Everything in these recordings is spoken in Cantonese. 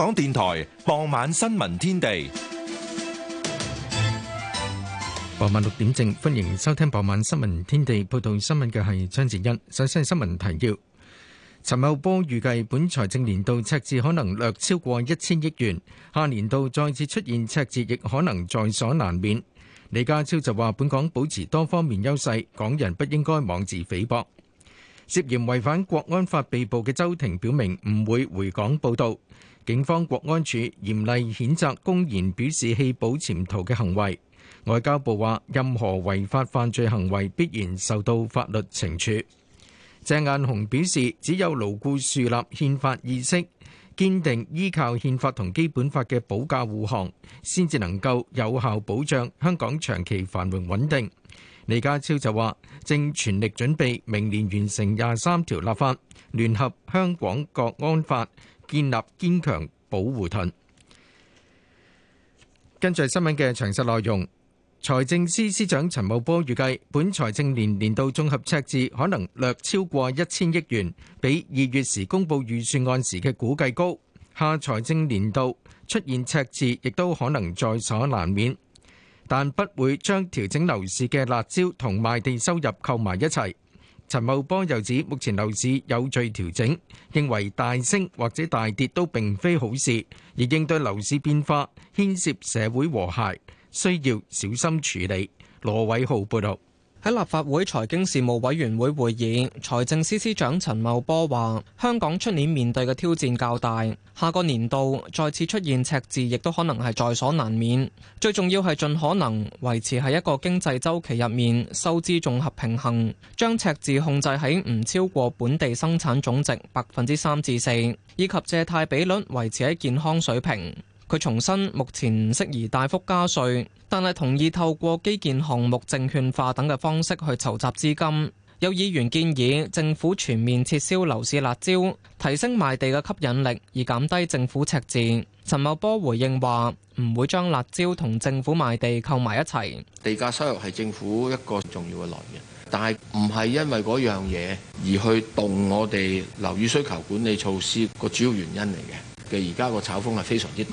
港電台傍晚新聞天地，傍晚六點正，歡迎收聽傍晚新聞天地。報道新聞嘅係張子欣。首先係新聞提要：陳茂波預計本財政年度赤字可能略超過一千億元，下年度再次出現赤字亦可能在所難免。李家超就話，本港保持多方面優勢，港人不應該妄自菲薄。涉嫌違反國安法被捕嘅周庭，表明唔會回港報道。警方國安處嚴厲譴責公然表示棄保潛逃嘅行為。外交部話：任何違法犯罪行為必然受到法律懲處。鄭雁雄表示，只有牢固樹立憲法意識，堅定依靠憲法同基本法嘅保駕護航，先至能夠有效保障香港長期繁榮穩定。李家超就話：正全力準備明年完成廿三條立法，聯合香港國安法，建立堅強保護盾。根據新聞嘅詳細內容，財政司司長陳茂波預計本財政年年度綜合赤字可能略超過一千億元，比二月時公佈預算案時嘅估計高。下財政年度出現赤字亦都可能在所難免，但不會將調整樓市嘅辣招同賣地收入扣埋一齊。陳茂波又指，目前樓市有序調整，認為大升或者大跌都並非好事，而應對樓市變化牽涉社會和諧，需要小心處理。羅偉浩報道。喺立法會財經事務委員會會議，財政司司長陳茂波話：香港出年面對嘅挑戰較大，下個年度再次出現赤字，亦都可能係在所難免。最重要係盡可能維持喺一個經濟周期入面收支綜合平衡，將赤字控制喺唔超過本地生產總值百分之三至四，以及借貸比率維持喺健康水平。佢重申目前唔適宜大幅加稅，但係同意透過基建項目證券化等嘅方式去籌集資金。有議員建議政府全面撤銷樓市辣椒，提升賣地嘅吸引力，而減低政府赤字。陳茂波回應話：唔會將辣椒同政府賣地扣埋一齊。地價收入係政府一個重要嘅來源，但係唔係因為嗰樣嘢而去動我哋樓宇需求管理措施個主要原因嚟嘅。嘅而家個炒風係非常之低，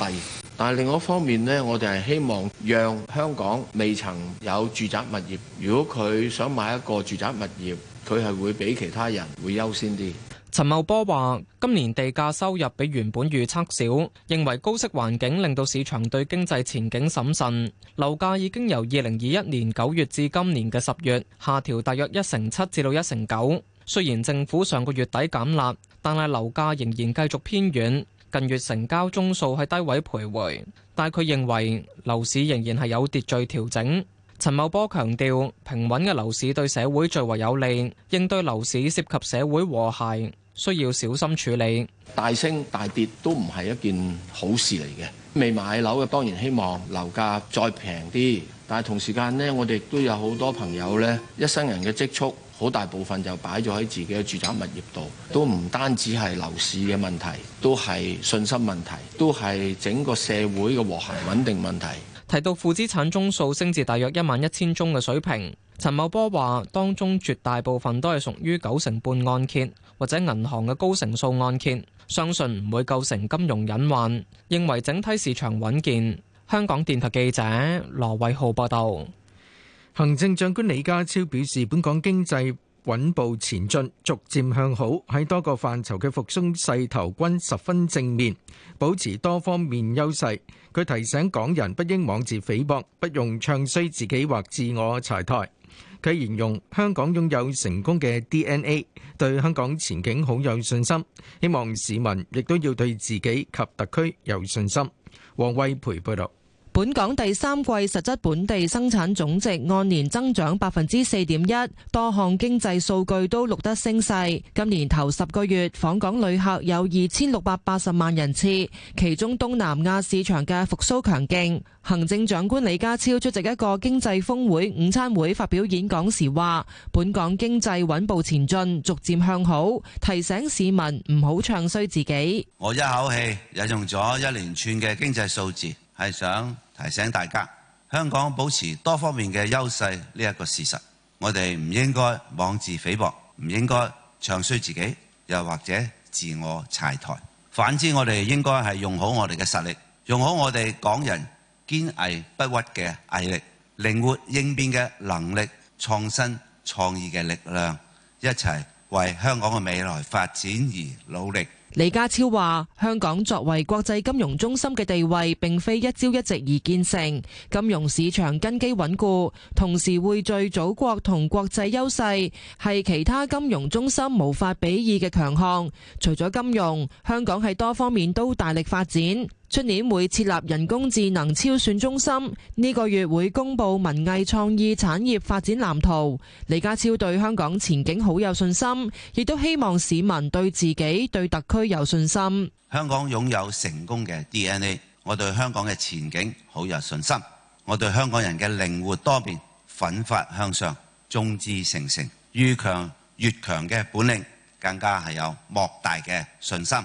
但係另一方面咧，我哋係希望讓香港未曾有住宅物業，如果佢想買一個住宅物業，佢係會比其他人會優先啲。陳茂波話，今年地價收入比原本預測少，認為高息環境令到市場對經濟前景審慎，樓價已經由二零二一年九月至今年嘅十月下調，大約一成七至到一成九。雖然政府上個月底減辣，但係樓價仍然繼續偏軟。近月成交宗數喺低位徘徊，但佢認為樓市仍然係有秩序調整。陳茂波強調，平穩嘅樓市對社會最為有利，應對樓市涉及社會和諧，需要小心處理。大升大跌都唔係一件好事嚟嘅。未買樓嘅當然希望樓價再平啲，但係同時間呢，我哋亦都有好多朋友呢，一生人嘅積蓄。好大部分就擺咗喺自己嘅住宅物業度，都唔單止係樓市嘅問題，都係信心問題，都係整個社會嘅和諧穩定問題。提到負資產宗數升至大約一萬一千宗嘅水平，陳茂波話，當中絕大部分都係屬於九成半按揭或者銀行嘅高成數按揭，相信唔會構成金融隱患，認為整體市場穩健。香港電台記者羅偉浩報道。行政長官李家超表示，本港經濟穩步前進，逐漸向好，喺多個範疇嘅復甦勢頭均十分正面，保持多方面優勢。佢提醒港人不應妄自菲薄，不用唱衰自己或自我柴台。佢形容香港擁有成功嘅 DNA，對香港前景好有信心，希望市民亦都要對自己及特區有信心。王惠培報道。本港第三季實質本地生產總值按年增長百分之四點一，多項經濟數據都錄得升勢。今年頭十個月訪港旅客有二千六百八十萬人次，其中東南亞市場嘅復甦強勁。行政長官李家超出席一個經濟峰會午餐會發表演講時話，本港經濟穩步前進，逐漸向好，提醒市民唔好唱衰自己。我一口氣引用咗一連串嘅經濟數字，係想，提醒大家，香港保持多方面嘅優勢呢一個事實，我哋唔應該妄自菲薄，唔應該唱衰自己，又或者自我拆台。反之，我哋應該係用好我哋嘅實力，用好我哋港人堅毅不屈嘅毅力、靈活應變嘅能力、創新創意嘅力量，一齊為香港嘅未來發展而努力。李家超話：香港作為國際金融中心嘅地位，並非一朝一夕而建成，金融市場根基穩固，同時匯聚祖國同國際優勢，係其他金融中心無法比擬嘅強項。除咗金融，香港喺多方面都大力發展。出年會設立人工智能超算中心，呢個月會公布文藝創意產業發展藍圖。李家超對香港前景好有信心，亦都希望市民對自己、對特區有信心。香港擁有成功嘅 DNA，我對香港嘅前景好有信心。我對香港人嘅靈活多變、奮發向上、眾志成城、愈強越強嘅本領，更加係有莫大嘅信心。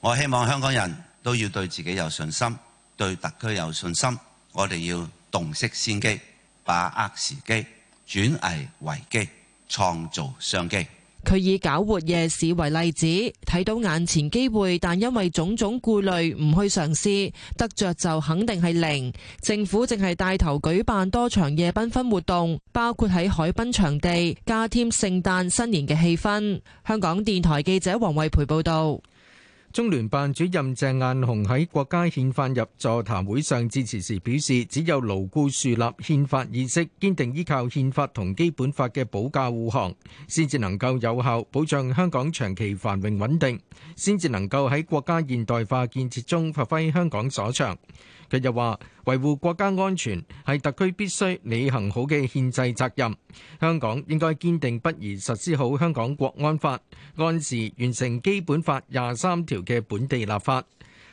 我希望香港人。都要對自己有信心，對特區有信心。我哋要洞悉先機，把握時機，轉危為機，創造商機。佢以搞活夜市為例子，睇到眼前機會，但因為種種顧慮，唔去嘗試，得着就肯定係零。政府淨係帶頭舉辦多場夜繽紛活動，包括喺海濱場地加添聖誕新年嘅氣氛。香港電台記者黃慧培報道。中聯辦主任鄭雁雄喺國家憲法入座談會上致辭時表示，只有牢固樹立憲法意識，堅定依靠憲法同基本法嘅保駕護航，先至能夠有效保障香港長期繁榮穩定，先至能夠喺國家現代化建設中發揮香港所長。佢又話：維護國家安全係特區必須履行好嘅憲制責任，香港應該堅定不移實施好香港國安法，按時完成基本法廿三條嘅本地立法，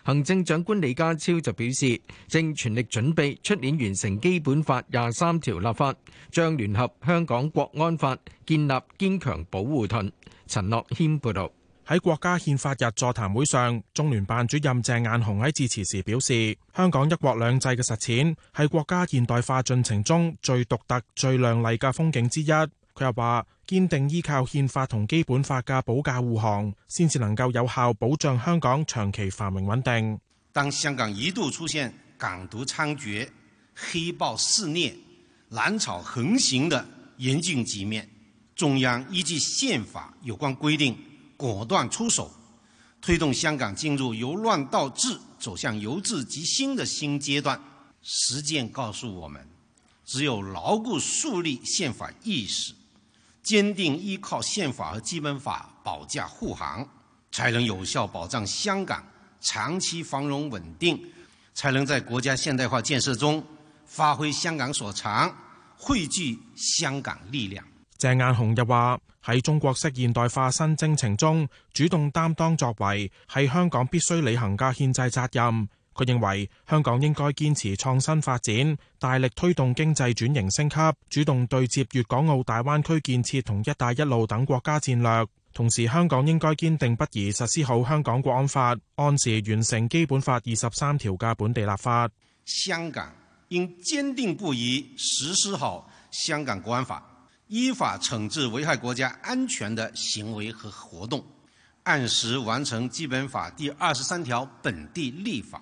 行政長官李家超就表示，正全力準備出年完成基本法廿三條立法，將聯合香港國安法，建立堅強保護盾。陳樂軒報導。喺國家憲法日座談會上，中聯辦主任鄭雁雄喺致辭時表示，香港一國兩制嘅實踐係國家現代化進程中最獨特、最亮麗嘅風景之一。佢又話。堅定依靠憲法同基本法嘅保駕護航，先至能夠有效保障香港長期繁榮穩定。當香港一度出現港獨猖獗、黑暴肆虐、攬炒橫行的嚴峻局面，中央依據憲法有關規定，果斷出手，推動香港進入由亂到治、走向由治及興的新階段。實踐告訴我們，只有牢固樹立憲法意識。堅定依靠憲法和基本法保駕護航，才能有效保障香港長期繁榮穩定，才能在國家現代化建設中發揮香港所長，匯聚香港力量。鄭雁雄又話：喺中國式現代化新征程中，主動擔當作為係香港必須履行嘅憲制責任。佢認為香港應該堅持創新發展，大力推動經濟轉型升級，主動對接粵港澳大灣區建設同「一帶一路」等國家戰略。同時，香港應該堅定不移實施好香港國安法，按時完成基本法二十三條嘅本地立法。香港應堅定不移實施好香港國安法，依法懲治危害國家安全的行為和活動，按時完成基本法第二十三條本地立法。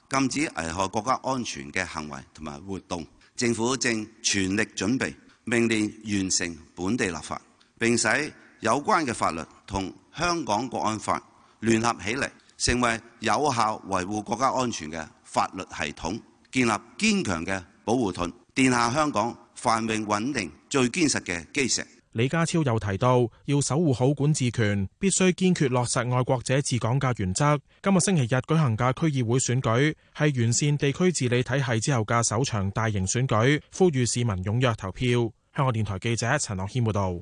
禁止危害國家安全嘅行為同埋活動，政府正全力準備明年完成本地立法，並使有關嘅法律同香港國安法聯合起嚟，成為有效維護國家安全嘅法律系統，建立堅強嘅保護盾，奠下香港繁榮穩定最堅實嘅基石。李家超又提到，要守護好管治權，必須堅決落實愛國者治港嘅原則。今日星期日舉行嘅區議會選舉，係完善地區治理體系之後嘅首場大型選舉，呼籲市民踊躍投票。香港電台記者陳樂謙報道。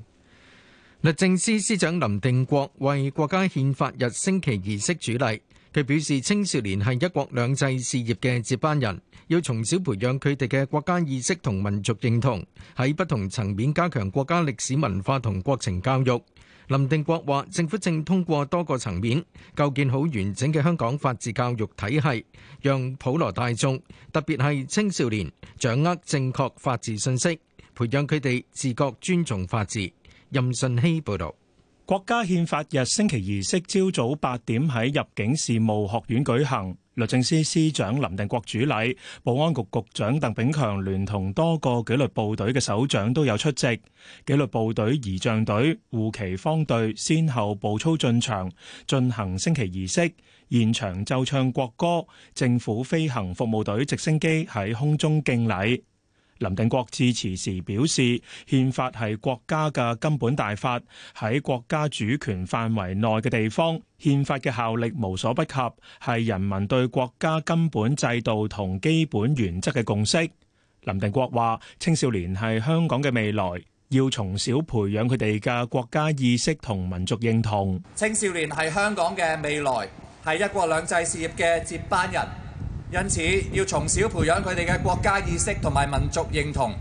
律政司司長林定國為國家憲法日升旗儀式主禮。佢表示，青少年係一國兩制事業嘅接班人，要從小培養佢哋嘅國家意識同民族認同，喺不同層面加強國家歷史文化同國情教育。林定國話，政府正通過多個層面構建好完整嘅香港法治教育體系，讓普羅大眾，特別係青少年掌握正確法治信息，培養佢哋自覺尊重法治。任順熙報道。國家憲法日升旗儀式朝早八點喺入境事務學院舉行，律政司司長林定國主禮，保安局局長鄧炳強聯同多個紀律部隊嘅首長都有出席，紀律部隊儀仗隊、護旗方隊先後步操進場，進行升旗儀式，現場奏唱國歌，政府飛行服務隊直升機喺空中敬禮。林定國致辭時表示，憲法是國家的根本大法，在國家主權範圍內的地方，憲法的效力無所不及，是人民對國家根本制度和基本原則的共識。林定國話，青少年是香港的未來，要從小培養他們的國家意識和民族認同。青少年是香港的未來，是一國兩制事業的接班人。因此要從小培養佢哋嘅國家意識同埋民族認同，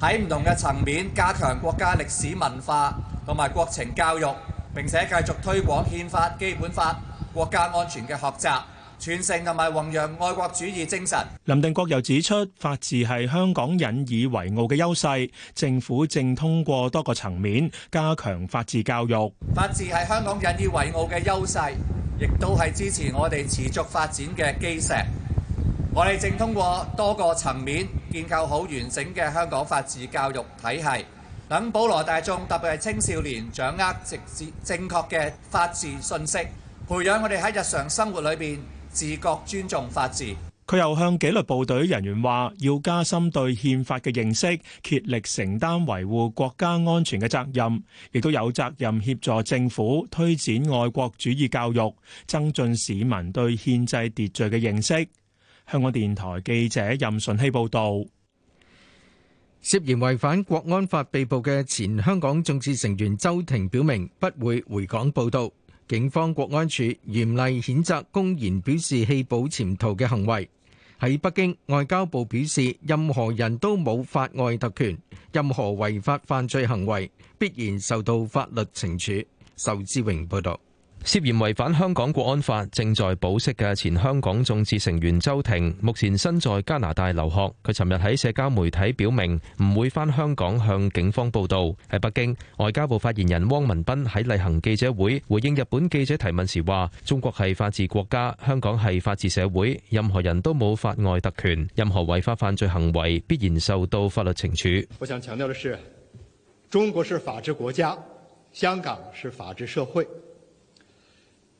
喺唔同嘅層面加強國家歷史文化同埋國情教育，並且繼續推廣憲法基本法、國家安全嘅學習，傳承同埋弘揚愛國主義精神。林定國又指出，法治係香港引以為傲嘅優勢，政府正通過多個層面加強法治教育。法治係香港引以為傲嘅優勢，亦都係支持我哋持續發展嘅基石。我哋正通過多個層面建構好完整嘅香港法治教育體系，等普羅大眾，特別係青少年，掌握直接正確嘅法治信息，培養我哋喺日常生活裏邊自覺尊重法治。佢又向紀律部隊人員話：要加深對憲法嘅認識，竭力承擔維護國家安全嘅責任，亦都有責任協助政府推展愛國主義教育，增進市民對憲制秩序嘅認識。香港電台記者任順希報道，涉嫌違反國安法被捕嘅前香港眾志成員周庭，表明不會回港報道。警方國安處嚴厲譴責公然表示棄保潛逃嘅行為。喺北京，外交部表示，任何人都冇法外特權，任何違法犯罪行為必然受到法律懲處。仇志榮報道。涉嫌違反香港國安法正在保釋嘅前香港眾志成員周庭，目前身在加拿大留學。佢尋日喺社交媒體表明唔會返香港向警方報道。喺北京，外交部發言人汪文斌喺例行記者會回應日本記者提問時話：中國係法治國家，香港係法治社會，任何人都冇法外特權，任何違法犯罪行為必然受到法律懲處。我想強調的是，中國是法治國家，香港是法治社會。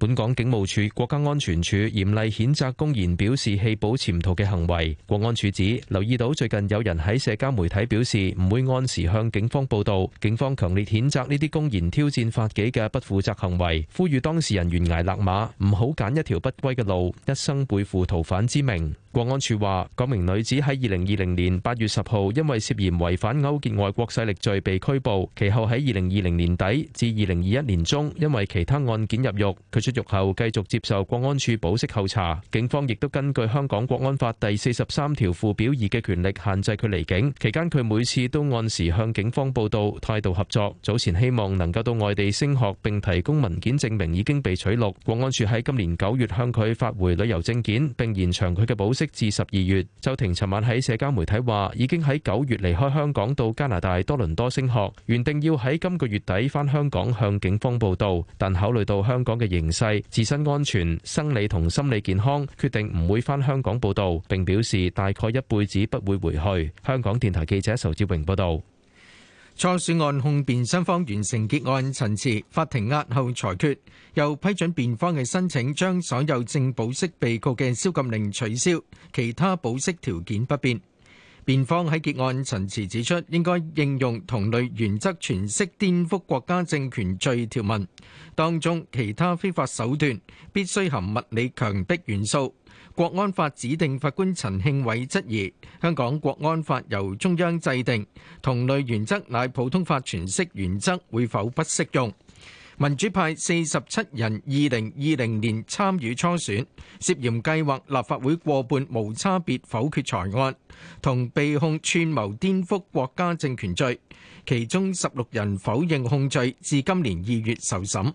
本港警務處國家安全處嚴厲譴責公然表示棄保潛逃嘅行為。國安處指留意到最近有人喺社交媒體表示唔會按時向警方報到，警方強烈譴責呢啲公然挑戰法紀嘅不負責行為，呼籲當事人懸崖勒馬，唔好揀一條不歸嘅路，一生背負逃犯之名。國安處話，嗰名女子喺2020年8月10號因為涉嫌違反勾結外國勢力罪被拘捕，其後喺2020年底至2021年中因為其他案件入獄，出獄後繼續接受國安處保釋候查，警方亦都根據香港國安法第四十三條附表二嘅權力限制佢離境。期間佢每次都按時向警方報到，態度合作。早前希望能夠到外地升學，並提供文件證明已經被取錄。國安處喺今年九月向佢發回旅遊證件，並延長佢嘅保釋至十二月。周庭尋晚喺社交媒體話，已經喺九月離開香港到加拿大多倫多升學，原定要喺今個月底返香港向警方報到，但考慮到香港嘅形勢，自身安全、生理同心理健康，決定唔會返香港報道。並表示大概一輩子不會回去。香港電台記者仇志榮報導。初選案控辯雙方完成結案陳詞，法庭押後裁決，又批准辯方嘅申請，將所有正保釋被告嘅宵禁令取消，其他保釋條件不變。辯方喺結案陳詞指出，應該應用同類原則詮釋顛覆國家政權罪條文當中其他非法手段，必須含物理強迫元素。國安法指定法官陳慶偉質疑，香港國安法由中央制定，同類原則乃普通法詮釋原則，會否不適用？民主派四十七人，二零二零年參與初選，涉嫌計劃立法會過半無差別否決財案，同被控串謀顛覆國家政權罪，其中十六人否認控罪，至今年二月受審。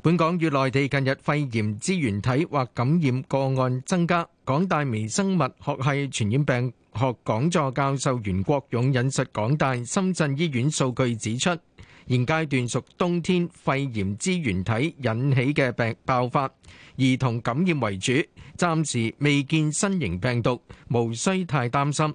本港與內地近日肺炎支原體或感染個案增加，港大微生物學系傳染病學講座教授袁國勇引述港大深圳醫院數據指出。現階段屬冬天肺炎支原體引起嘅病爆發，兒童感染為主，暫時未見新型病毒，無需太擔心。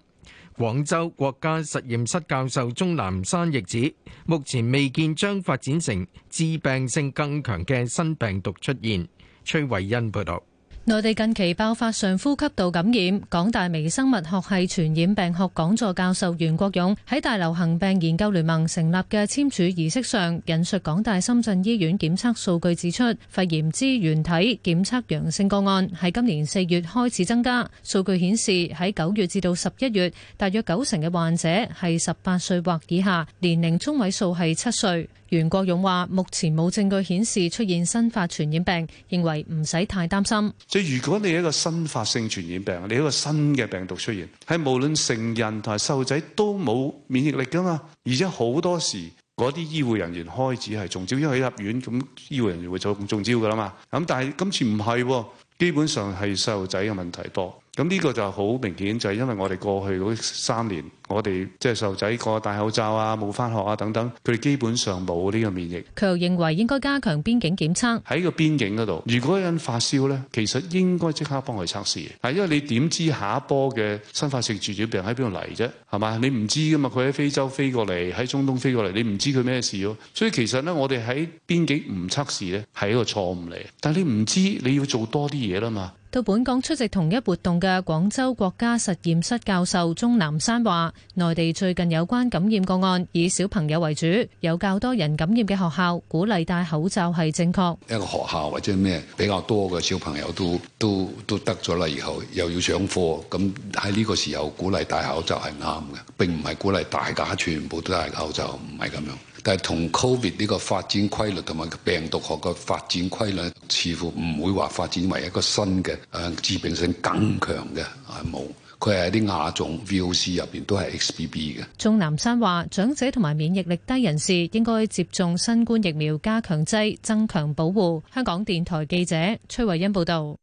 廣州國家實驗室教授鍾南山亦指，目前未見將發展成致病性更強嘅新病毒出現。崔慧欣報道。內地近期爆發上呼吸道感染，港大微生物學系傳染病學講座教授袁國勇喺大流行病研究聯盟成立嘅簽署儀式上引述港大深圳醫院檢測數據指出，肺炎支原體檢測陽性個案喺今年四月開始增加。數據顯示喺九月至到十一月，大約九成嘅患者係十八歲或以下，年齡中位數係七歲。袁國勇話：目前冇證據顯示出現新發傳染病，認為唔使太擔心。即係如果你係一個新發性傳染病，你一個新嘅病毒出現，係無論成人同埋細路仔都冇免疫力噶嘛，而且好多時嗰啲醫護人員開始係中招，因為喺入院咁，醫護人員會做中中招噶啦嘛。咁但係今次唔係，基本上係細路仔嘅問題多。咁呢個就好明顯，就係因為我哋過去嗰三年。我哋即係細路仔個戴口罩啊、冇返學啊等等，佢哋基本上冇呢個免疫。佢又認為應該加強邊境檢測喺個邊境嗰度，如果有人發燒咧，其實應該即刻幫佢測試。係因為你點知下一波嘅新發性傳染病喺邊度嚟啫？係嘛？你唔知噶嘛？佢喺非洲飛過嚟，喺中東飛過嚟，你唔知佢咩事咯。所以其實咧，我哋喺邊境唔測試咧，係一個錯誤嚟。但係你唔知，你要做多啲嘢啦嘛。到本港出席同一活動嘅廣州國家實驗室教授鍾南山話。內地最近有關感染個案以小朋友為主，有較多人感染嘅學校鼓勵戴口罩係正確。一個學校或者咩比較多嘅小朋友都都都得咗啦，以後又要上課，咁喺呢個時候鼓勵戴口罩係啱嘅，並唔係鼓勵大家全部都戴口罩，唔係咁樣。但係同 Covid 呢個發展規律同埋病毒學嘅發展規律，似乎唔會話發展為一個新嘅誒、啊、致病性更強嘅啊冇。佢係啲亞種 VOC 入邊都係 XBB 嘅。鍾南山話，長者同埋免疫力低人士應該接種新冠疫苗加強劑，增強保護。香港電台記者崔慧欣報道。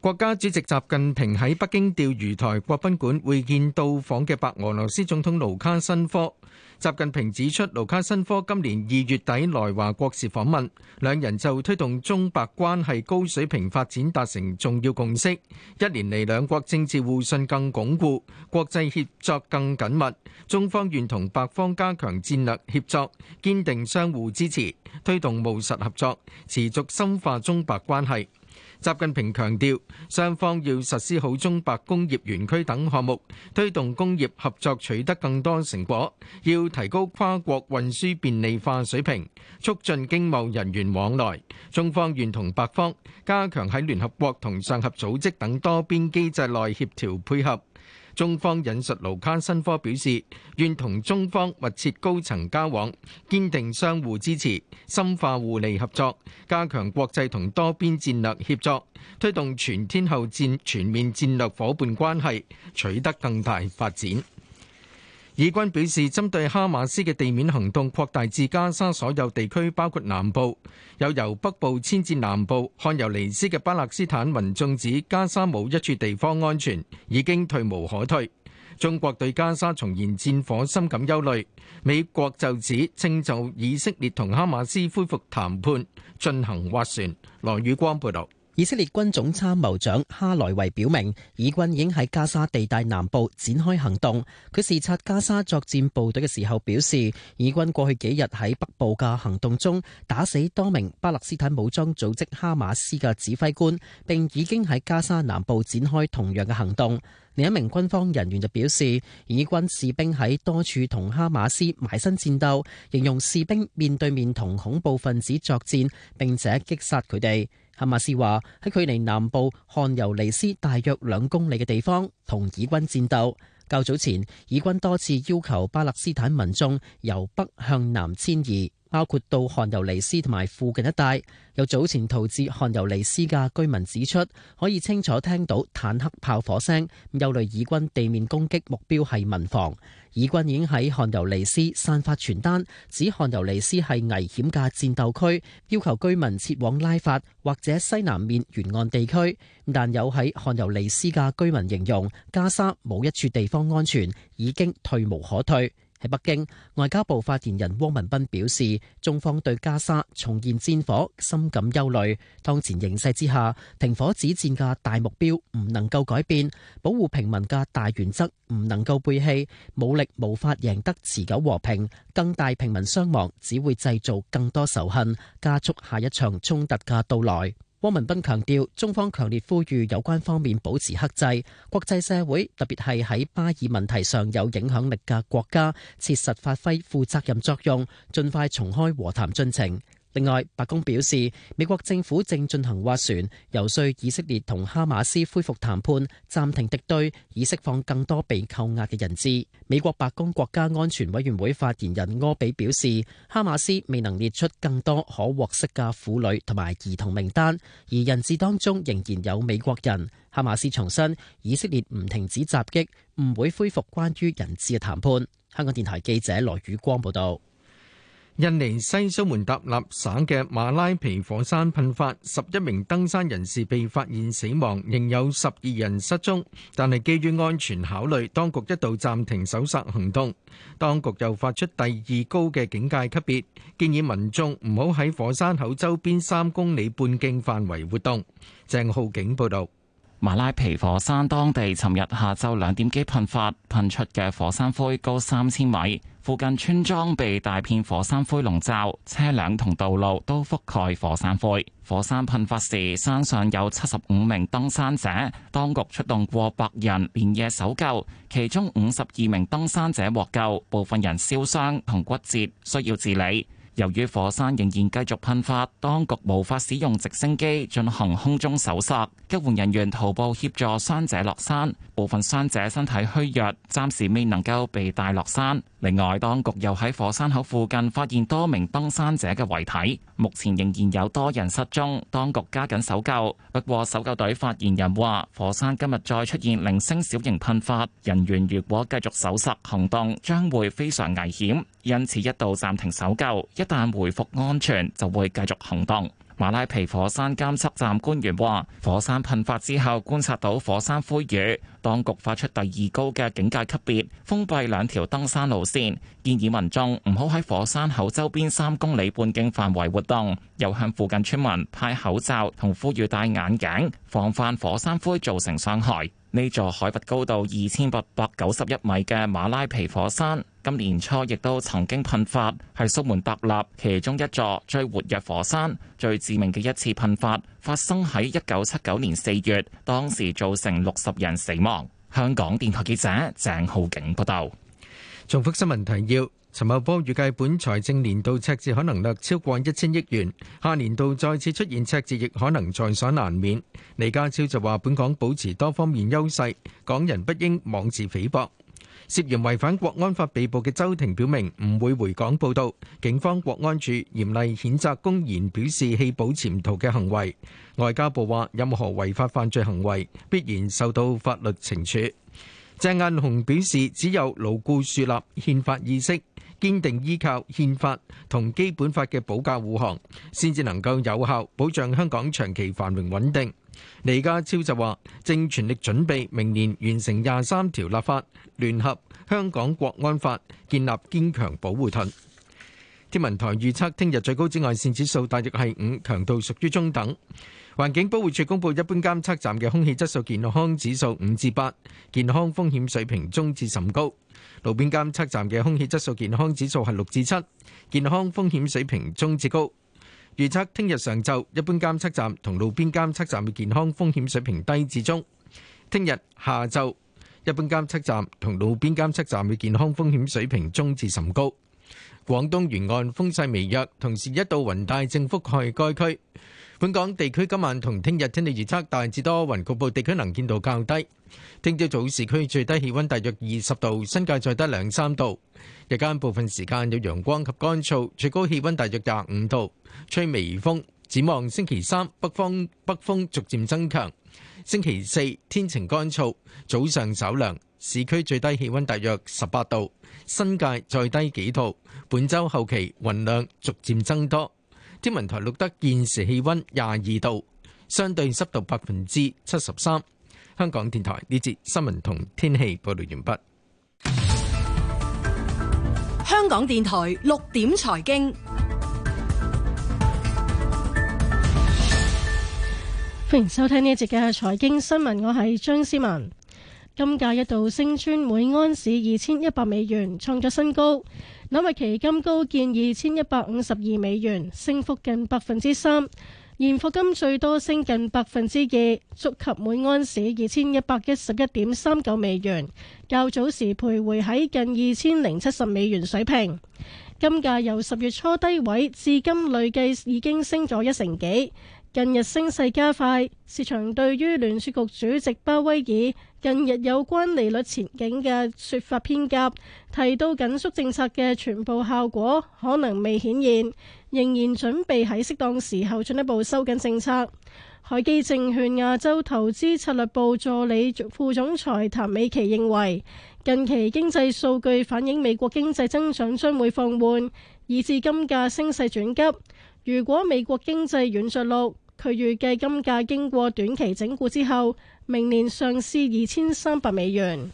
國家主席習近平喺北京釣魚台國賓館會見到訪嘅白俄羅斯總統盧卡申科。習近平指出,盧卡申科今年二月底來華國事訪問,兩人就推動中白關係高水平發展達成重要共識。一年嚟,兩國政治互信更鞏固,國際協作更緊密,中方願同白方加強戰略協作,堅定相互支持,推動務實合作,持續深化中白關係。習近平強調，雙方要實施好中白工業園區等項目，推動工業合作取得更多成果；要提高跨國運輸便利化水平，促進經貿人員往來。中方願同白方加強喺聯合國同上合組織等多邊機制內協調配合。中方引述盧卡申科表示，願同中方密切高層交往，堅定相互支持，深化互利合作，加強國際同多邊戰略協作，推動全天候戰全面戰略伙伴關係取得更大發展。以軍表示，針對哈馬斯嘅地面行動擴大至加沙所有地區，包括南部又由，由北部遷至南部。汗尤尼斯嘅巴勒斯坦民眾指，加沙冇一處地方安全，已經退無可退。中國對加沙重燃戰火深感憂慮。美國就此正就以色列同哈馬斯恢復談判進行斡旋。羅宇光報道。以色列軍總參謀長哈萊維表明，以軍已經喺加沙地帶南部展開行動。佢視察加沙作戰部隊嘅時候表示，以軍過去幾日喺北部嘅行動中打死多名巴勒斯坦武裝組織哈馬斯嘅指揮官，並已經喺加沙南部展開同樣嘅行動。另一名軍方人員就表示，以軍士兵喺多處同哈馬斯埋身戰鬥，形容士兵面對面同恐怖分子作戰，並且擊殺佢哋。哈馬斯話喺距離南部汗尤尼斯大約兩公里嘅地方同以軍戰鬥。較早前，以軍多次要求巴勒斯坦民眾由北向南遷移，包括到汗尤尼斯同埋附近一帶。由早前逃至汗尤尼斯嘅居民指出，可以清楚聽到坦克炮火聲，憂慮以軍地面攻擊目標係民房。以軍已經喺漢尤尼斯散發傳單，指漢尤尼斯係危險嘅戰鬥區，要求居民撤往拉法或者西南面沿岸地區。但有喺漢尤尼斯嘅居民形容，加沙冇一處地方安全，已經退無可退。喺北京，外交部發言人汪文斌表示，中方對加沙重現戰火深感憂慮。當前形勢之下，停火止戰嘅大目標唔能夠改變，保護平民嘅大原則唔能夠背棄。武力無法贏得持久和平，更大平民傷亡只會製造更多仇恨，加速下一場衝突嘅到來。汪文斌強調，中方強烈呼籲有關方面保持克制，國際社會，特別係喺巴以問題上有影響力嘅國家，切實發揮負責任作用，盡快重開和談進程。另外，白宮表示，美國政府正進行斡旋，游說以色列同哈馬斯恢復談判、暫停敵對、以釋放更多被扣押嘅人質。美國白宮國家安全委員會發言人柯比表示，哈馬斯未能列出更多可獲釋嘅婦女同埋兒童名單，而人質當中仍然有美國人。哈馬斯重申，以色列唔停止襲擊，唔會恢復關於人質嘅談判。香港電台記者羅宇光報道。印尼西蘇門答臘省嘅馬拉皮火山噴發，十一名登山人士被發現死亡，仍有十二人失蹤。但係基於安全考慮，當局一度暫停搜查行動。當局又發出第二高嘅警戒級別，建議民眾唔好喺火山口周邊三公里半徑範圍活動。鄭浩景報道。馬拉皮火山當地尋日下晝兩點幾噴發，噴出嘅火山灰高三千米，附近村莊被大片火山灰籠罩，車輛同道路都覆蓋火山灰。火山噴發時，山上有七十五名登山者，當局出動過百人連夜搜救，其中五十二名登山者獲救，部分人燒傷同骨折，需要治理。由於火山仍然繼續噴發，當局無法使用直升機進行空中搜索。救援人員徒步協助傷者落山。部分傷者身體虛弱，暫時未能夠被帶落山。另外，當局又喺火山口附近發現多名登山者嘅遺體。目前仍然有多人失蹤，當局加緊搜救。不過搜救隊發言人話，火山今日再出現零星小型噴發，人員如果繼續搜索行動將會非常危險，因此一度暫停搜救。一旦回復安全，就會繼續行動。馬拉皮火山監測站官員話，火山噴發之後觀察到火山灰雨，當局發出第二高嘅警戒級別，封閉兩條登山路線，建議民眾唔好喺火山口周邊三公里半徑範圍活動，又向附近村民派口罩同呼籲戴眼鏡，防範火山灰造成傷害。呢座海拔高度二千八百九十一米嘅馬拉皮火山，今年初亦都曾經噴發，係蘇門答臘其中一座最活躍火山，最致命嘅一次噴發，發生喺一九七九年四月，當時造成六十人死亡。香港電台記者鄭浩景報道。重複新聞提要：陳茂波預計本財政年度赤字可能略超過一千億元，下年度再次出現赤字亦可能在所難免。李家超就話：本港保持多方面優勢，港人不應妄自菲薄。涉嫌違反國安法被捕嘅周庭表明唔會回港報道，警方國安處嚴厲譴責公然表示棄保潛逃嘅行為。外交部話任何違法犯罪行為必然受到法律懲處。鄭雁雄表示，只有牢固樹立憲法意識，堅定依靠憲法同基本法嘅保駕護航，先至能夠有效保障香港長期繁榮穩定。李家超就話，正全力準備明年完成廿三條立法，聯合香港國安法，建立堅強保護盾。天文台預測聽日最高紫外線指數大約係五，強度屬於中等。環境保護署公布一般監測站嘅空氣質素健康指數五至八，健康風險水平中至甚高。路邊監測站嘅空氣質素健康指數係六至七，健康風險水平中至高。預測聽日上晝，一般監測站同路邊監測站嘅健康風險水平低至中；聽日下晝，一般監測站同路邊監測站嘅健康風險水平中至甚高。廣東沿岸風勢微弱，同時一道雲帶正覆蓋該區。本港地區今晚同聽日天氣預測大致多雲，局部地區能見度較低。聽朝早市區最低氣溫大約二十度，新界再低兩三度。日間部分時間有陽光及乾燥，最高氣溫大約廿五度，吹微風。展望星期三，北方北風逐漸增強。星期四天晴乾燥，早上稍涼，市區最低氣溫大約十八度，新界再低幾度。本周後期雲量逐漸增多，天文台錄得現時氣溫廿二度，相對濕度百分之七十三。香港電台呢節新聞同天氣報道完畢。香港電台六點財經。歡迎收聽呢一節嘅財經新聞，我係張思文。金價一度升穿每安士二千一百美元，創咗新高。紐約期金高見二千一百五十二美元，升幅近百分之三。現貨金最多升近百分之二，觸及每安士二千一百一十一點三九美元。較早時徘徊喺近二千零七十美元水平。金價由十月初低位至今累計已經升咗一成幾。近日升勢加快，市場對於聯儲局主席鮑威爾近日有關利率前景嘅說法偏鴿，提到緊縮政策嘅全部效果可能未顯現，仍然準備喺適當時候進一步收緊政策。海基證券亞洲投資策略部助理副總裁譚美琪認為，近期經濟數據反映美國經濟增長將會放緩，以至金價升勢轉急。如果美國經濟軟著陸，佢預計金價經過短期整固之後，明年上市二千三百美元。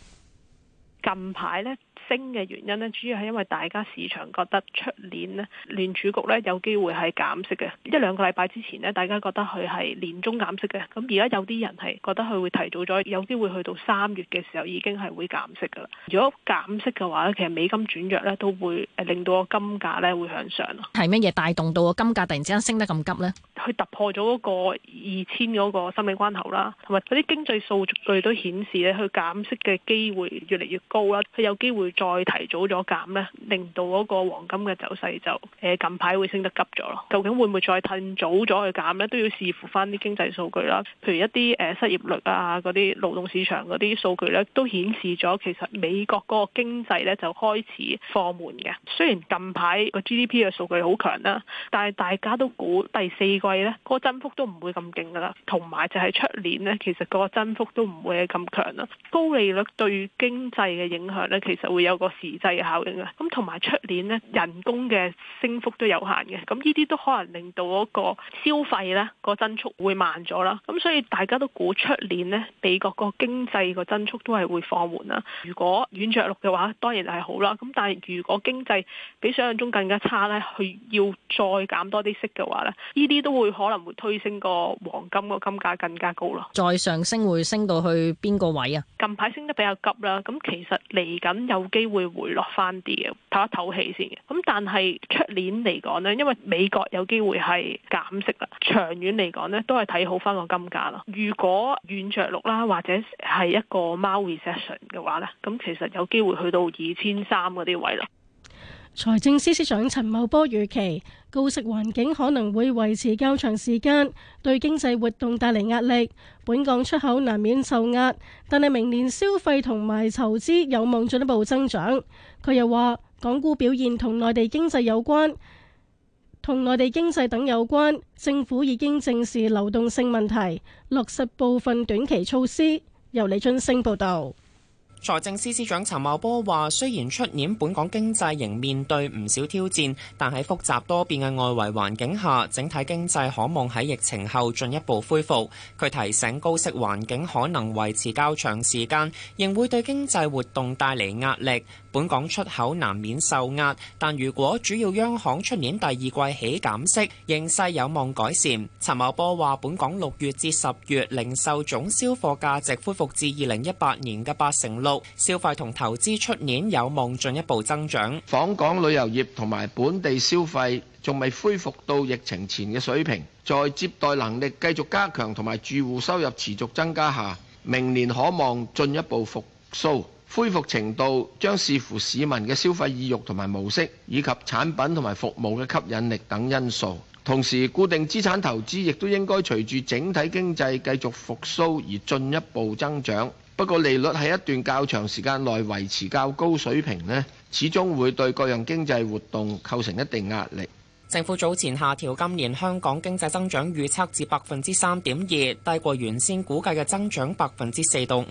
近排呢？升嘅原因呢，主要係因為大家市場覺得出年呢聯儲局呢有機會係減息嘅。一兩個禮拜之前呢，大家覺得佢係年終減息嘅。咁而家有啲人係覺得佢會提早咗，有機會去到三月嘅時候已經係會減息噶啦。如果減息嘅話，其實美金轉弱呢都會令到個金價咧會向上咯。係乜嘢帶動到個金價突然之間升得咁急呢？佢突破咗嗰個二千嗰個心理關口啦，同埋嗰啲經濟數據都顯示咧，佢減息嘅機會越嚟越高啦。佢有機會。再提早咗減呢，令到嗰個黃金嘅走勢就誒近排會升得急咗咯。究竟會唔會再提早咗去減呢？都要視乎翻啲經濟數據啦。譬如一啲誒失業率啊、嗰啲勞動市場嗰啲數據呢，都顯示咗其實美國嗰個經濟咧就開始放緩嘅。雖然近排個 GDP 嘅數據好強啦，但係大家都估第四季呢嗰個增幅都唔會咁勁噶啦。同埋就係出年呢，其實嗰個增幅都唔會咁強啦。高利率對經濟嘅影響呢，其實會。有個時滯嘅效應啊，咁同埋出年呢，人工嘅升幅都有限嘅，咁呢啲都可能令到嗰個消費呢個增速會慢咗啦，咁所以大家都估出年呢，美國個經濟個增速都係會放緩啦。如果軟着陸嘅話，當然係好啦，咁但係如果經濟比想象中更加差呢，佢要再減多啲息嘅話呢，呢啲都會可能會推升個黃金個金價更加高啦。再上升會升到去邊個位啊？近排升得比較急啦，咁其實嚟緊有。機會回落翻啲嘅，唞一唞氣先嘅。咁但係出年嚟講呢，因為美國有機會係減息啦，長遠嚟講呢，都係睇好翻個金價咯。如果軟着陸啦，或者係一個貓 recession 嘅話呢，咁其實有機會去到二千三嗰啲位啦。財政司司長陳茂波預期高息環境可能會維持較長時間，對經濟活動帶嚟壓力。本港出口難免受壓，但係明年消費同埋籌資有望進一步增長。佢又話，港股表現同內地經濟有關，同內地經濟等有關。政府已經正視流動性問題，落實部分短期措施。由李俊升報道。財政司司長陳茂波話，雖然出年本港經濟仍面對唔少挑戰，但喺複雜多變嘅外圍環境下，整體經濟可望喺疫情後進一步恢復。佢提醒，高息環境可能維持較長時間，仍會對經濟活動帶嚟壓力。本港出口難免受壓，但如果主要央行出年第二季起減息，形勢有望改善。陳茂波話，本港六月至十月零售總銷貨價值恢復至二零一八年嘅八成六。消費同投資出年有望進一步增長。訪港旅遊業同埋本地消費仲未恢復到疫情前嘅水平，在接待能力繼續加強同埋住戶收入持續增加下，明年可望進一步復蘇。恢復程度將視乎市民嘅消費意欲同埋模式，以及產品同埋服務嘅吸引力等因素。同時，固定資產投資亦都應該隨住整體經濟繼續復蘇而進一步增長。不過，利率喺一段較長時間內維持較高水平呢，始終會對各樣經濟活動構成一定壓力。政府早前下調今年香港經濟增長預測至百分之三點二，低過原先估計嘅增長百分之四到五。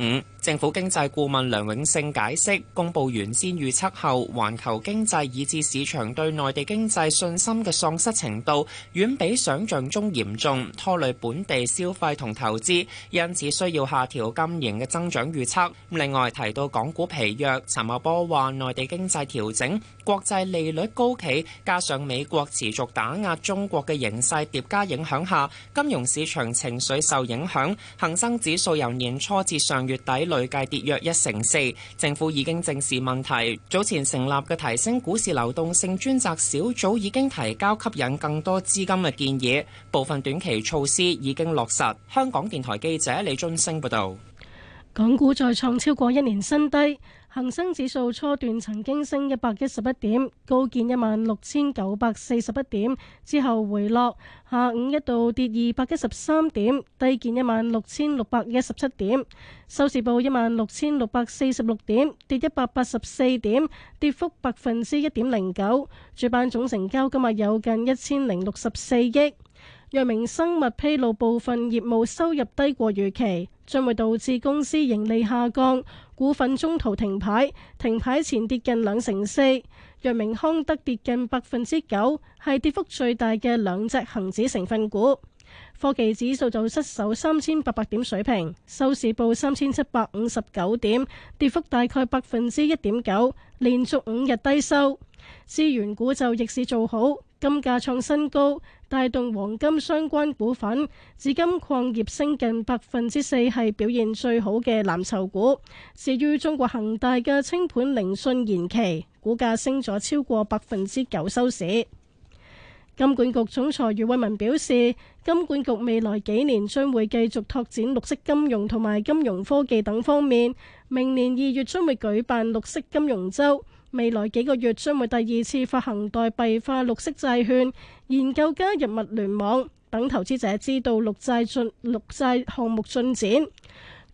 政府經濟顧問梁永勝解釋，公布原先預測後，環球經濟以至市場對內地經濟信心嘅喪失程度，遠比想像中嚴重，拖累本地消費同投資，因此需要下調今年嘅增長預測。另外提到港股疲弱，陳茂波話：內地經濟調整、國際利率高企，加上美國持續打壓中國嘅形勢疊加影響下，金融市場情緒受影響，恒生指數由年初至上月底，累計跌約一成四，政府已經正視問題。早前成立嘅提升股市流動性專責小組已經提交吸引更多資金嘅建議，部分短期措施已經落實。香港電台記者李俊升報道，港股再創超過一年新低。恒生指數初段曾經升一百一十一點，高見一萬六千九百四十一點，之後回落。下午一度跌二百一十三點，低見一萬六千六百一十七點，收市報一萬六千六百四十六點，跌一百八十四點，跌幅百分之一點零九。主板總成交今日有近一千零六十四億。藥明生物披露部分業務收入低過預期，將會導致公司盈利下降。股份中途停牌，停牌前跌近兩成四。藥明康德跌近百分之九，係跌幅最大嘅兩隻恒指成分股。科技指數就失守三千八百點水平，收市報三千七百五十九點，跌幅大概百分之一點九，連續五日低收。資源股就逆市做好，金價創新高。帶動黃金相關股份，紫金礦業升近百分之四，係表現最好嘅藍籌股。至於中國恒大嘅清盤聆訊延期，股價升咗超過百分之九收市。金管局總裁余偉文表示，金管局未來幾年將會繼續拓展綠色金融同埋金融科技等方面，明年二月將會舉辦綠色金融周。未來幾個月將會第二次發行代幣化綠色債券，研究加入物聯網等，投資者知道綠債進綠債項目進展。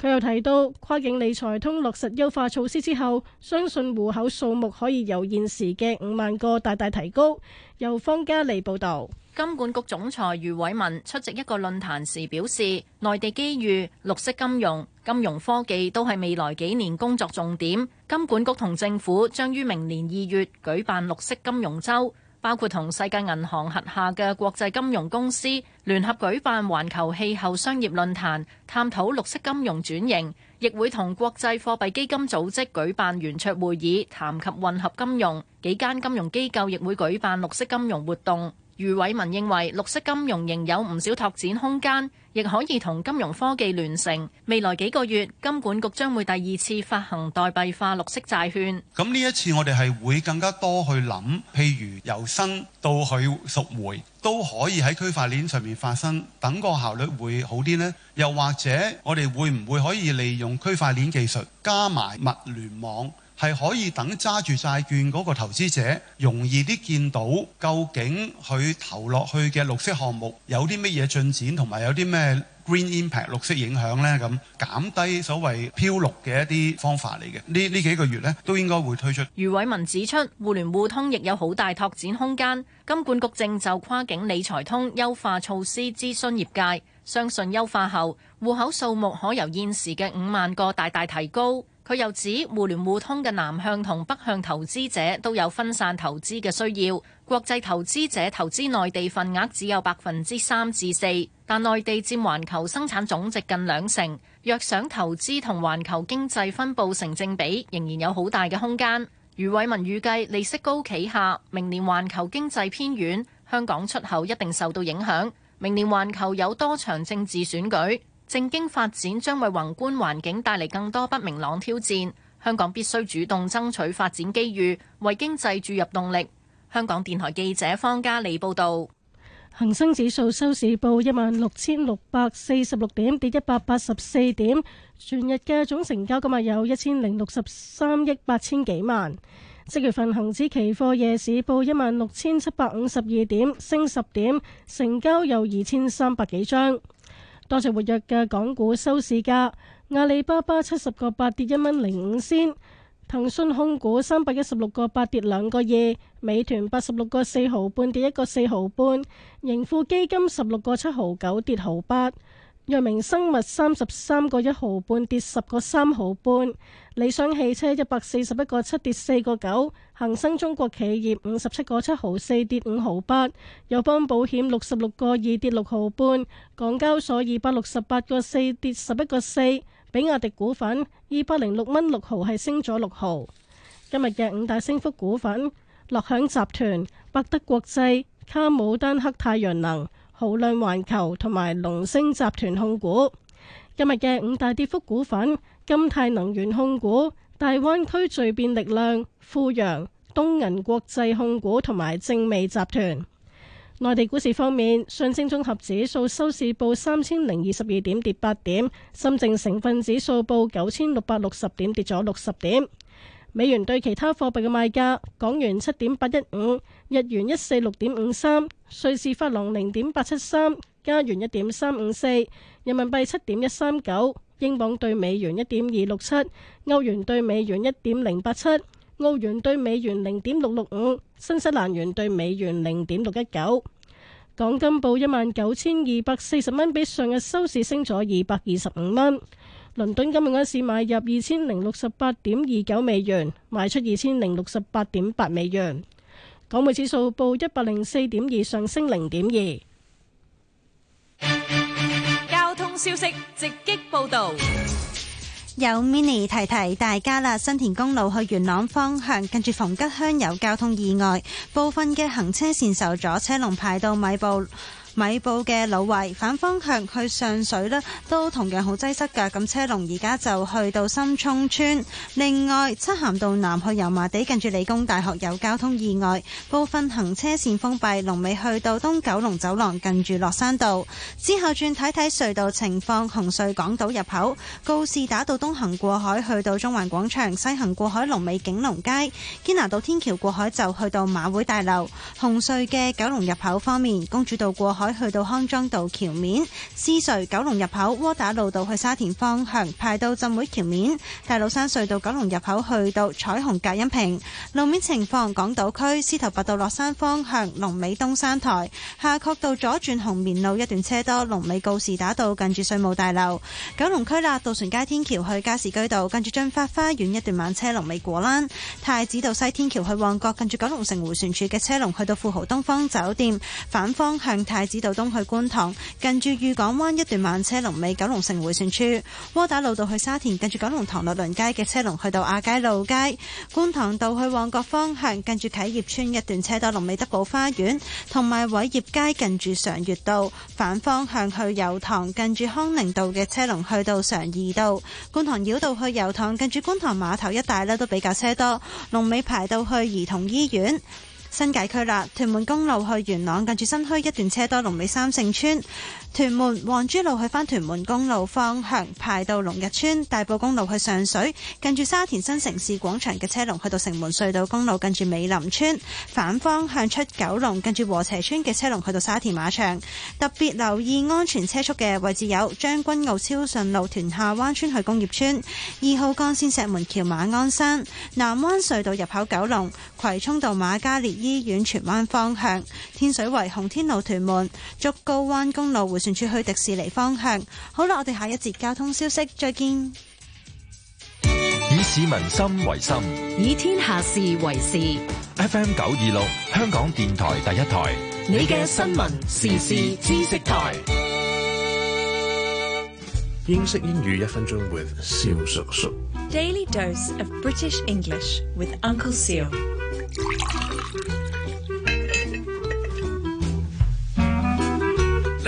佢又提到跨境理財通落實優化措施之後，相信戶口數目可以由現時嘅五萬個大大提高。由方嘉利報道，金管局總裁余偉文出席一個論壇時表示，內地機遇、綠色金融、金融科技都係未來幾年工作重點，金管局同政府將於明年二月舉辦綠色金融周。包括同世界銀行轄下嘅國際金融公司聯合舉辦環球氣候商業論壇，探討綠色金融轉型；亦會同國際貨幣基金組織舉辦圓桌會議，談及混合金融。幾間金融機構亦會舉辦綠色金融活動。余偉文認為綠色金融仍有唔少拓展空間，亦可以同金融科技聯成。未來幾個月，金管局將會第二次發行代幣化綠色債券。咁呢一次我哋係會更加多去諗，譬如由新到去贖回都可以喺區塊鏈上面發生，等個效率會好啲呢？又或者我哋會唔會可以利用區塊鏈技術加埋物聯網？係可以等揸住債券嗰個投資者容易啲見到，究竟佢投落去嘅綠色項目有啲乜嘢進展，同埋有啲咩 green impact 綠色影響呢？咁，減低所謂漂綠嘅一啲方法嚟嘅。呢呢幾個月呢，都應該會推出。余偉文指出，互聯互通亦有好大拓展空間。金管局正就跨境理財通優化措施諮詢業界，相信優化後，戶口數目可由現時嘅五萬個大大提高。佢又指互聯互通嘅南向同北向投資者都有分散投資嘅需要，國際投資者投資內地份額只有百分之三至四，但內地佔環球生產總值近兩成。若想投資同環球經濟分佈成正比，仍然有好大嘅空間。余偉文預計利息高企下，明年環球經濟偏軟，香港出口一定受到影響。明年環球有多場政治選舉。正經發展將為宏觀環境帶嚟更多不明朗挑戰，香港必須主動爭取發展機遇，為經濟注入動力。香港電台記者方嘉莉報道。恒生指數收市報一萬六千六百四十六點，跌一百八十四點。全日嘅總成交今日有一千零六十三億八千幾萬。七月份恒指期貨夜市報一萬六千七百五十二點，升十點，成交有二千三百幾張。多謝活躍嘅港股收市價，阿里巴巴七十個八跌一蚊零五仙，騰訊控股三百一十六個八跌兩個二，美團八十六個四毫半跌一個四毫半，盈富基金十六個七毫九跌毫八。藥明生物三十三個一毫半跌十個三毫半，理想汽車一百四十一個七跌四個九，恒生中國企業五十七個七毫四跌五毫八，友邦保險六十六個二跌六毫半，港交所二百六十八個四跌十一個四，比亞迪股份二百零六蚊六毫係升咗六毫。今日嘅五大升幅股份：樂享集團、百德國際、卡姆丹克太陽能。豪亮環球同埋龍星集團控股。今日嘅五大跌幅股份：金泰能源控股、大灣區聚變力量、富陽、東銀國際控股同埋正味集團。內地股市方面，上證綜合指數收市報三千零二十二點，跌八點；深證成分指數報九千六百六十點，跌咗六十點。美元對其他貨幣嘅賣價：港元七點八一五，日元一四六點五三，瑞士法郎零點八七三，加元一點三五四，人民幣七點一三九，英鎊對美元一點二六七，歐元對美元一點零八七，澳元對美元零點六六五，新西蘭元對美元零點六一九。港金報一萬九千二百四十蚊，比上日收市升咗二百二十五蚊。倫敦金融街市買入二千零六十八點二九美元，賣出二千零六十八點八美元。港匯指數報一百零四點二，上升零點二。交通消息直擊報道，有 mini 提提大家啦。新田公路去元朗方向，近住逢吉鄉有交通意外，部分嘅行車線受阻，車龍排到米埔。米埔嘅老圍反方向去上水咧，都同樣好擠塞噶。咁車龍而家就去到深涌村。另外，漆咸道南去油麻地近住理工大學有交通意外，部分行車線封閉，龍尾去到東九龍走廊近住落山道。之後轉睇睇隧道情況，紅隧港島入口，告士打道東行過海去到中環廣場，西行過海龍尾景隆街，堅拿道天橋過海就去到馬會大樓，紅隧嘅九龍入口方面，公主道過海。海去到康莊道橋面，獅隧九龍入口窩打老道去沙田方向，排到浸會橋面，大老山隧道九龍入口去到彩虹隔音屏路面情況，港島區司徒拔道落山方向，龍尾東山台下角道左轉紅棉路一段車多，龍尾告士打道近住稅務大樓，九龍區啦，渡船街天橋去加士居道近住駿發花園一段慢車龍，龍尾果欄太子道西天橋去旺角近住九龍城回旋處嘅車龍去到富豪東方酒店反方向太子。指到東去觀塘，近住御港灣一段慢車龍尾；九龍城回旋處，窩打老道去沙田，近住九龍塘樂鄰街嘅車龍去到亞皆老街；觀塘道去旺角方向，近住啟業村一段車多龍尾德寶花園，同埋偉業街近住常悅道反方向去油塘，近住康寧道嘅車龍去到常怡道；觀塘繞道去油塘，近住觀塘碼頭一帶咧都比較車多，龍尾排到去兒童醫院。新界區啦，屯門公路去元朗，近住新墟一段車多，龍尾三聖村。屯門黃珠路去返屯門公路方向，排到龍日村；大埔公路去上水，近住沙田新城市廣場嘅車龍去到城門隧道公路，近住美林村反方向出九龍，近住禾輋村嘅車龍去到沙田馬場。特別留意安全車速嘅位置有將軍澳超順路屯下灣村去工業村，二號幹線石門橋馬鞍山南灣隧道入口九龍葵涌道瑪嘉烈醫院荃灣方向，天水圍紅天路屯門竹篙灣公路。船處去迪士尼方向，好啦，我哋下一節交通消息再見。以市民心為心，以天下事為事。FM 九二六，香港電台第一台，你嘅新聞時事知識台。英式英語一分鐘，with 肖叔叔。Daily dose of British English with Uncle Siu。